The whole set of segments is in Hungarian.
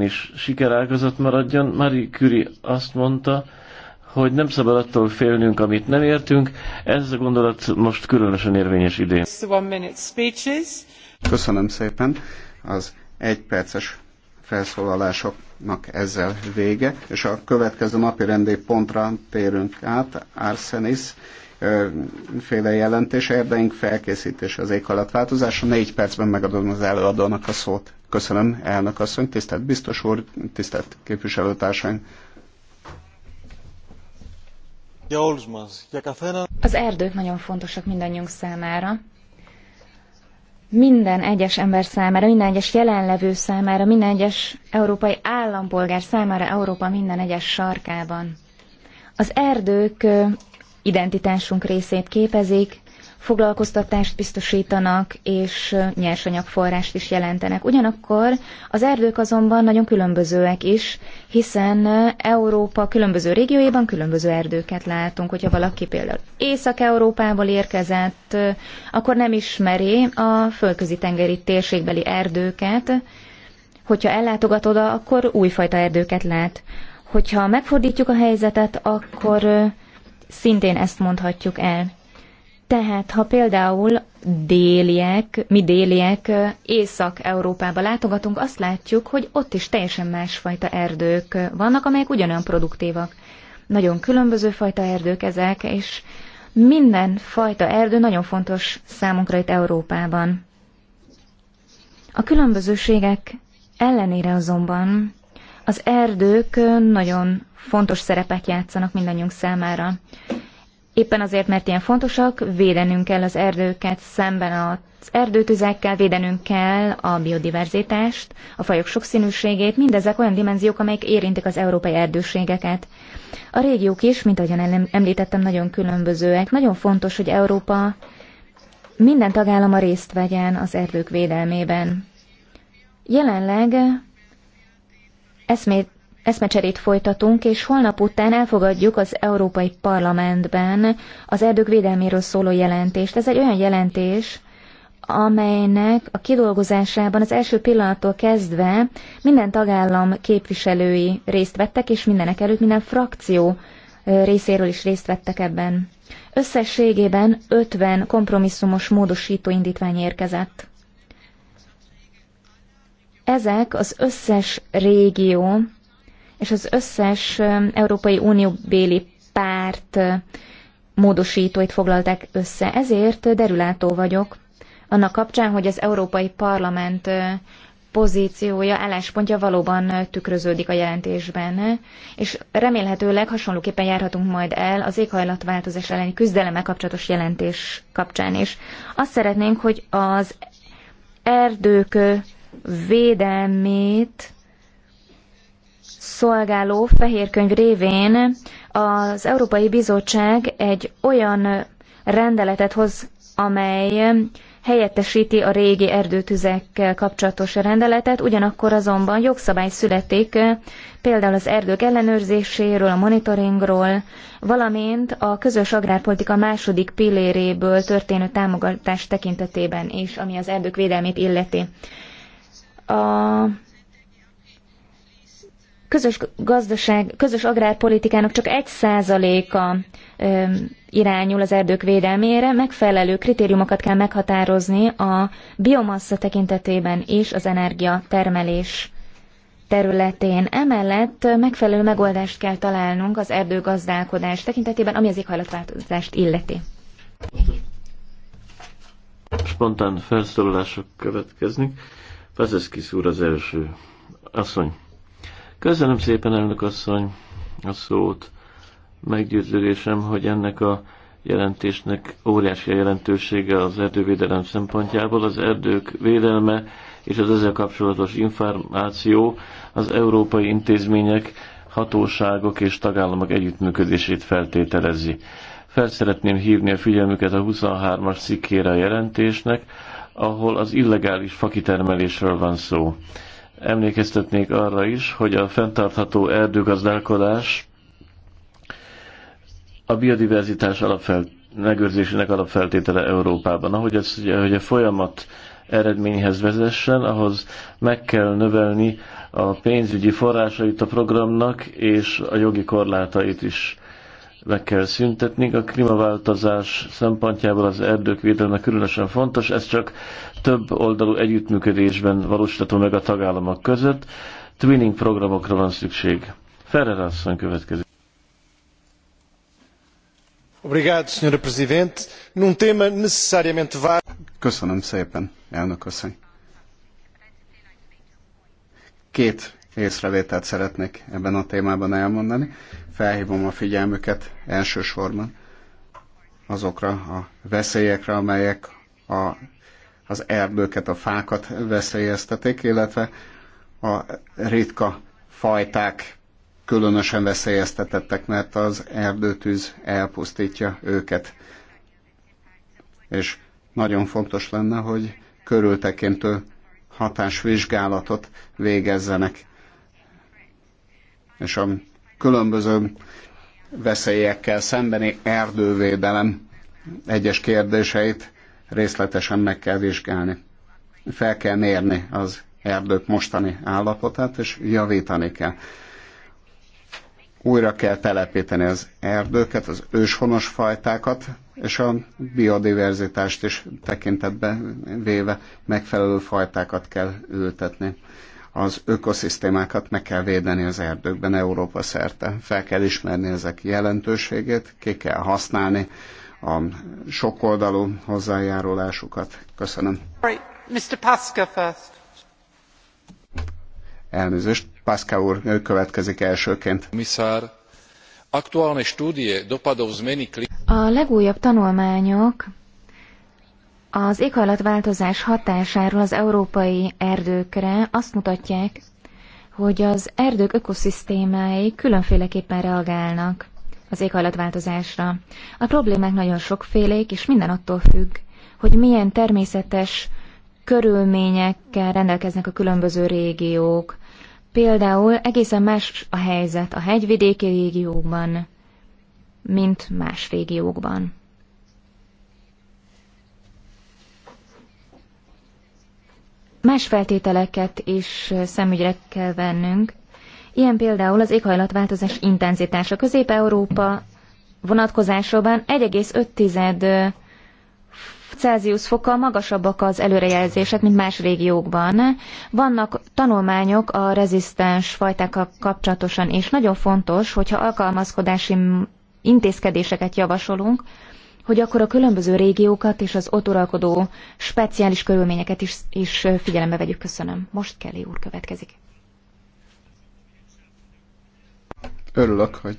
is sikerágazat maradjon. Marie Curie azt mondta, hogy nem szabad attól félnünk, amit nem értünk. Ez a gondolat most különösen érvényes idén. Köszönöm szépen. Az egyperces felszólalásoknak ezzel vége, és a következő napi rendi pontra térünk át. Arsenis féle jelentés, érdeink felkészítés, az alatt változása. Négy percben megadom az előadónak a szót. Köszönöm, elnök asszony, tisztelt biztos úr, tisztelt képviselőtársaim. Az erdők nagyon fontosak mindannyiunk számára. Minden egyes ember számára, minden egyes jelenlevő számára, minden egyes európai állampolgár számára Európa minden egyes sarkában. Az erdők identitásunk részét képezik, foglalkoztatást biztosítanak, és nyersanyagforrást is jelentenek. Ugyanakkor az erdők azonban nagyon különbözőek is, hiszen Európa különböző régióiban különböző erdőket látunk. Hogyha valaki például Észak-Európából érkezett, akkor nem ismeri a földközi tengeri térségbeli erdőket, hogyha ellátogat oda, akkor újfajta erdőket lát. Hogyha megfordítjuk a helyzetet, akkor szintén ezt mondhatjuk el. Tehát, ha például déliek, mi déliek Észak-Európába látogatunk, azt látjuk, hogy ott is teljesen másfajta erdők vannak, amelyek ugyanolyan produktívak. Nagyon különböző fajta erdők ezek, és minden fajta erdő nagyon fontos számunkra itt Európában. A különbözőségek ellenére azonban az erdők nagyon fontos szerepet játszanak mindannyiunk számára. Éppen azért, mert ilyen fontosak, védenünk kell az erdőket szemben az erdőtüzekkel, védenünk kell a biodiverzitást, a fajok sokszínűségét, mindezek olyan dimenziók, amelyek érintik az európai erdőségeket. A régiók is, mint ahogyan említettem, nagyon különbözőek. Nagyon fontos, hogy Európa minden tagállama részt vegyen az erdők védelmében. Jelenleg eszmét, eszmecserét folytatunk, és holnap után elfogadjuk az Európai Parlamentben az erdők védelméről szóló jelentést. Ez egy olyan jelentés, amelynek a kidolgozásában az első pillanattól kezdve minden tagállam képviselői részt vettek, és mindenek előtt minden frakció részéről is részt vettek ebben. Összességében 50 kompromisszumos módosító indítvány érkezett. Ezek az összes régió és az összes Európai Unió béli párt módosítóit foglalták össze. Ezért derülátó vagyok annak kapcsán, hogy az Európai Parlament pozíciója, álláspontja valóban tükröződik a jelentésben, és remélhetőleg hasonlóképpen járhatunk majd el az éghajlatváltozás elleni küzdeleme kapcsolatos jelentés kapcsán is. Azt szeretnénk, hogy az erdők védelmét szolgáló fehérkönyv révén az Európai Bizottság egy olyan rendeletet hoz, amely helyettesíti a régi erdőtüzekkel kapcsolatos rendeletet, ugyanakkor azonban jogszabály születik például az erdők ellenőrzéséről, a monitoringról, valamint a közös agrárpolitika második pilléréből történő támogatás tekintetében is, ami az erdők védelmét illeti a közös gazdaság, közös agrárpolitikának csak egy százaléka irányul az erdők védelmére, megfelelő kritériumokat kell meghatározni a biomassa tekintetében és az energiatermelés területén. Emellett megfelelő megoldást kell találnunk az erdőgazdálkodás tekintetében, ami az éghajlatváltozást illeti. Spontán felszólalások következnek. Pazeszkis úr az első. Asszony. Köszönöm szépen, elnök asszony, a szót. Meggyőződésem, hogy ennek a jelentésnek óriási a jelentősége az erdővédelem szempontjából. Az erdők védelme és az ezzel kapcsolatos információ az európai intézmények, hatóságok és tagállamok együttműködését feltételezi. Fel szeretném hívni a figyelmüket a 23-as cikkére a jelentésnek, ahol az illegális fakitermelésről van szó. Emlékeztetnék arra is, hogy a fenntartható erdőgazdálkodás a biodiverzitás alapfelt, megőrzésének alapfeltétele Európában. Ahogy ez, hogy a folyamat eredményhez vezessen, ahhoz meg kell növelni a pénzügyi forrásait a programnak, és a jogi korlátait is le kell szüntetni. A klímaváltozás szempontjából az erdők védelme különösen fontos, ez csak több oldalú együttműködésben valósítható meg a tagállamok között. Twinning programokra van szükség. Ferrer asszony következik. Obrigado, Sr. Presidente. Num tema necessariamente vago. Köszönöm szépen, elnök asszony. Két észrevételt szeretnék ebben a témában elmondani. Felhívom a figyelmüket elsősorban azokra a veszélyekre, amelyek a, az erdőket, a fákat veszélyeztetik, illetve a ritka fajták különösen veszélyeztetettek, mert az erdőtűz elpusztítja őket. És nagyon fontos lenne, hogy körültekintő hatásvizsgálatot végezzenek és a különböző veszélyekkel szembeni erdővédelem egyes kérdéseit részletesen meg kell vizsgálni. Fel kell mérni az erdők mostani állapotát, és javítani kell. Újra kell telepíteni az erdőket, az őshonos fajtákat, és a biodiverzitást is tekintetbe véve megfelelő fajtákat kell ültetni az ökoszisztémákat meg kell védeni az erdőkben Európa szerte. Fel kell ismerni ezek jelentőségét, ki kell használni a sokoldalú hozzájárulásukat. Köszönöm. Mr. Pasca first. Elnézést, Pasca úr következik elsőként. Misár, aktuálne stúdie dopadov zmeny klí... A legújabb tanulmányok az éghajlatváltozás hatásáról az európai erdőkre azt mutatják, hogy az erdők ökoszisztémái különféleképpen reagálnak az éghajlatváltozásra. A problémák nagyon sokfélék, és minden attól függ, hogy milyen természetes körülményekkel rendelkeznek a különböző régiók. Például egészen más a helyzet a hegyvidéki régiókban, mint más régiókban. más feltételeket is szemügyre kell vennünk, ilyen például az éghajlatváltozás intenzitása. Közép-Európa vonatkozásában 1,5 Celsius fokkal magasabbak az előrejelzések, mint más régiókban. Vannak tanulmányok a rezisztens fajtákkal kapcsolatosan, és nagyon fontos, hogyha alkalmazkodási intézkedéseket javasolunk, hogy akkor a különböző régiókat és az ott uralkodó speciális körülményeket is, is figyelembe vegyük. Köszönöm. Most Kelly úr következik. Örülök, hogy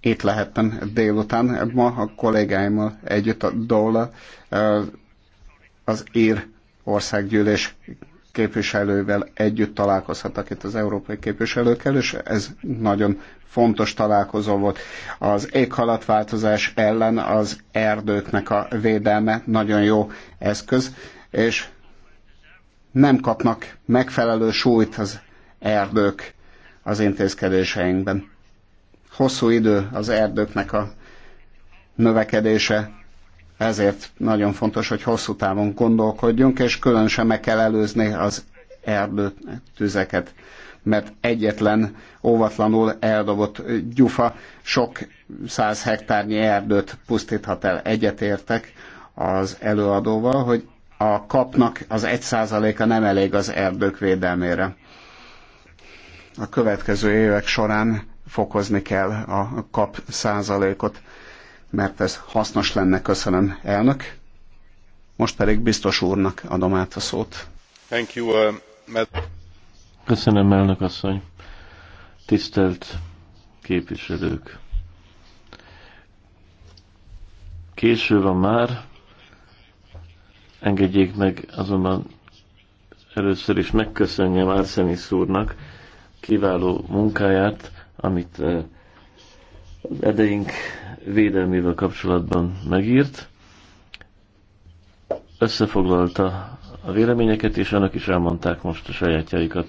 itt lehettem délután ma a kollégáimmal együtt a Dóla az ír országgyűlés képviselővel együtt találkozhattak itt az európai képviselőkkel, és ez nagyon fontos találkozó volt. Az éghalatváltozás ellen az erdőknek a védelme nagyon jó eszköz, és nem kapnak megfelelő súlyt az erdők az intézkedéseinkben. Hosszú idő az erdőknek a növekedése ezért nagyon fontos, hogy hosszú távon gondolkodjunk, és különösen meg kell előzni az erdőtüzeket, mert egyetlen óvatlanul eldobott gyufa sok száz hektárnyi erdőt pusztíthat el. Egyetértek az előadóval, hogy a kapnak az 1%-a nem elég az erdők védelmére. A következő évek során fokozni kell a kap százalékot mert ez hasznos lenne. Köszönöm, elnök. Most pedig biztos úrnak adom át a szót. Thank you, uh, Köszönöm, elnök asszony. Tisztelt képviselők. Késő van már, engedjék meg azonban először is megköszönjem Arsenis úrnak kiváló munkáját, amit uh, az edeink védelmével kapcsolatban megírt. Összefoglalta a véleményeket, és annak is elmondták most a sajátjaikat.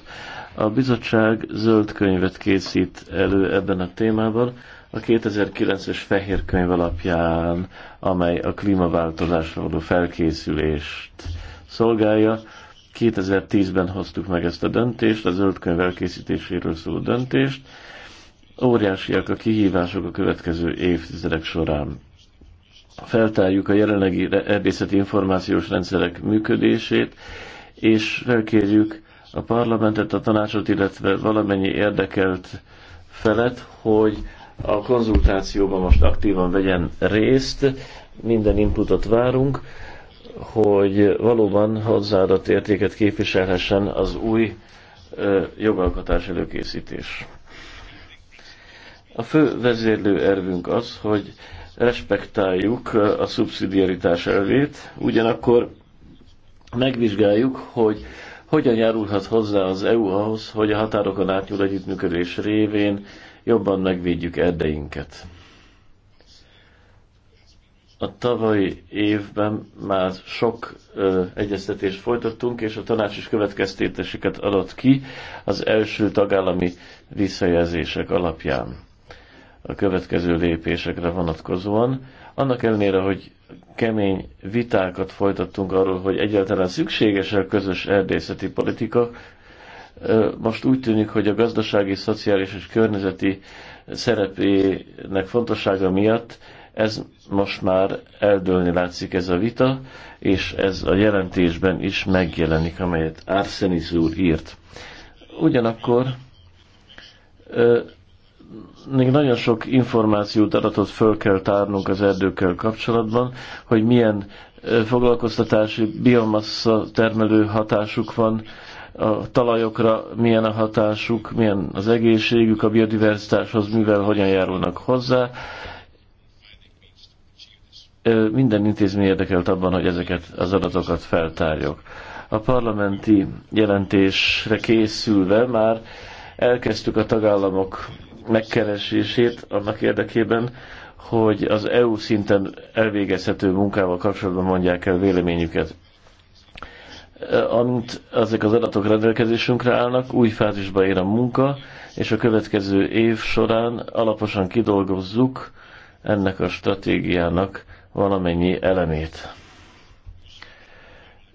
A bizottság zöld könyvet készít elő ebben a témában, a 2009-es fehér könyv alapján, amely a klímaváltozásra való felkészülést szolgálja. 2010-ben hoztuk meg ezt a döntést, a zöld könyv elkészítéséről szóló döntést, Óriásiak a kihívások a következő évtizedek során. Feltárjuk a jelenlegi erdészeti információs rendszerek működését, és felkérjük a parlamentet, a tanácsot, illetve valamennyi érdekelt felet, hogy a konzultációban most aktívan vegyen részt, minden inputot várunk, hogy valóban hozzáadott értéket képviselhessen az új jogalkotás előkészítés. A fő vezérlő ervünk az, hogy respektáljuk a szubszidiaritás elvét, ugyanakkor megvizsgáljuk, hogy hogyan járulhat hozzá az EU ahhoz, hogy a határokon átnyúl együttműködés révén jobban megvédjük erdeinket. A tavalyi évben már sok ö, egyeztetést folytattunk, és a tanács is következtéteseket adott ki az első tagállami visszajelzések alapján a következő lépésekre vonatkozóan. Annak ellenére, hogy kemény vitákat folytattunk arról, hogy egyáltalán szükséges-e a közös erdészeti politika, most úgy tűnik, hogy a gazdasági, szociális és környezeti szerepének fontossága miatt ez most már eldőlni látszik ez a vita, és ez a jelentésben is megjelenik, amelyet Arsenis úr írt. Ugyanakkor még nagyon sok információt, adatot föl kell tárnunk az erdőkkel kapcsolatban, hogy milyen foglalkoztatási biomassa termelő hatásuk van, a talajokra milyen a hatásuk, milyen az egészségük, a biodiverzitáshoz mivel hogyan járulnak hozzá. Minden intézmény érdekelt abban, hogy ezeket az adatokat feltárjuk. A parlamenti jelentésre készülve már elkezdtük a tagállamok megkeresését annak érdekében, hogy az EU szinten elvégezhető munkával kapcsolatban mondják el véleményüket. Eh, amint ezek az adatok rendelkezésünkre állnak, új fázisba ér a munka, és a következő év során alaposan kidolgozzuk ennek a stratégiának valamennyi elemét.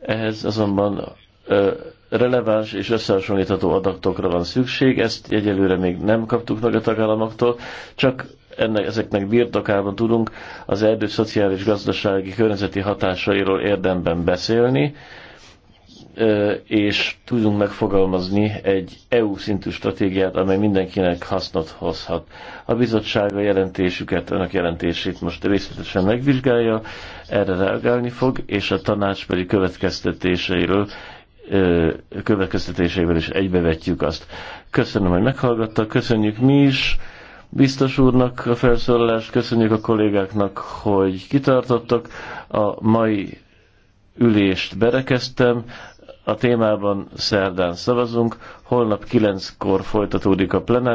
Ehhez azonban eh, releváns és összehasonlítható adatokra van szükség, ezt egyelőre még nem kaptuk meg a tagállamoktól, csak ennek, ezeknek birtokában tudunk az erdő szociális, gazdasági, környezeti hatásairól érdemben beszélni, és tudunk megfogalmazni egy EU szintű stratégiát, amely mindenkinek hasznot hozhat. A bizottság a jelentésüket, önök jelentését most részletesen megvizsgálja, erre reagálni fog, és a tanács pedig következtetéseiről következtetéseivel is egybevetjük azt. Köszönöm, hogy meghallgattak, köszönjük mi is biztos úrnak a felszólalást, köszönjük a kollégáknak, hogy kitartottak. A mai ülést berekeztem, a témában szerdán szavazunk, holnap kilenckor folytatódik a plenár.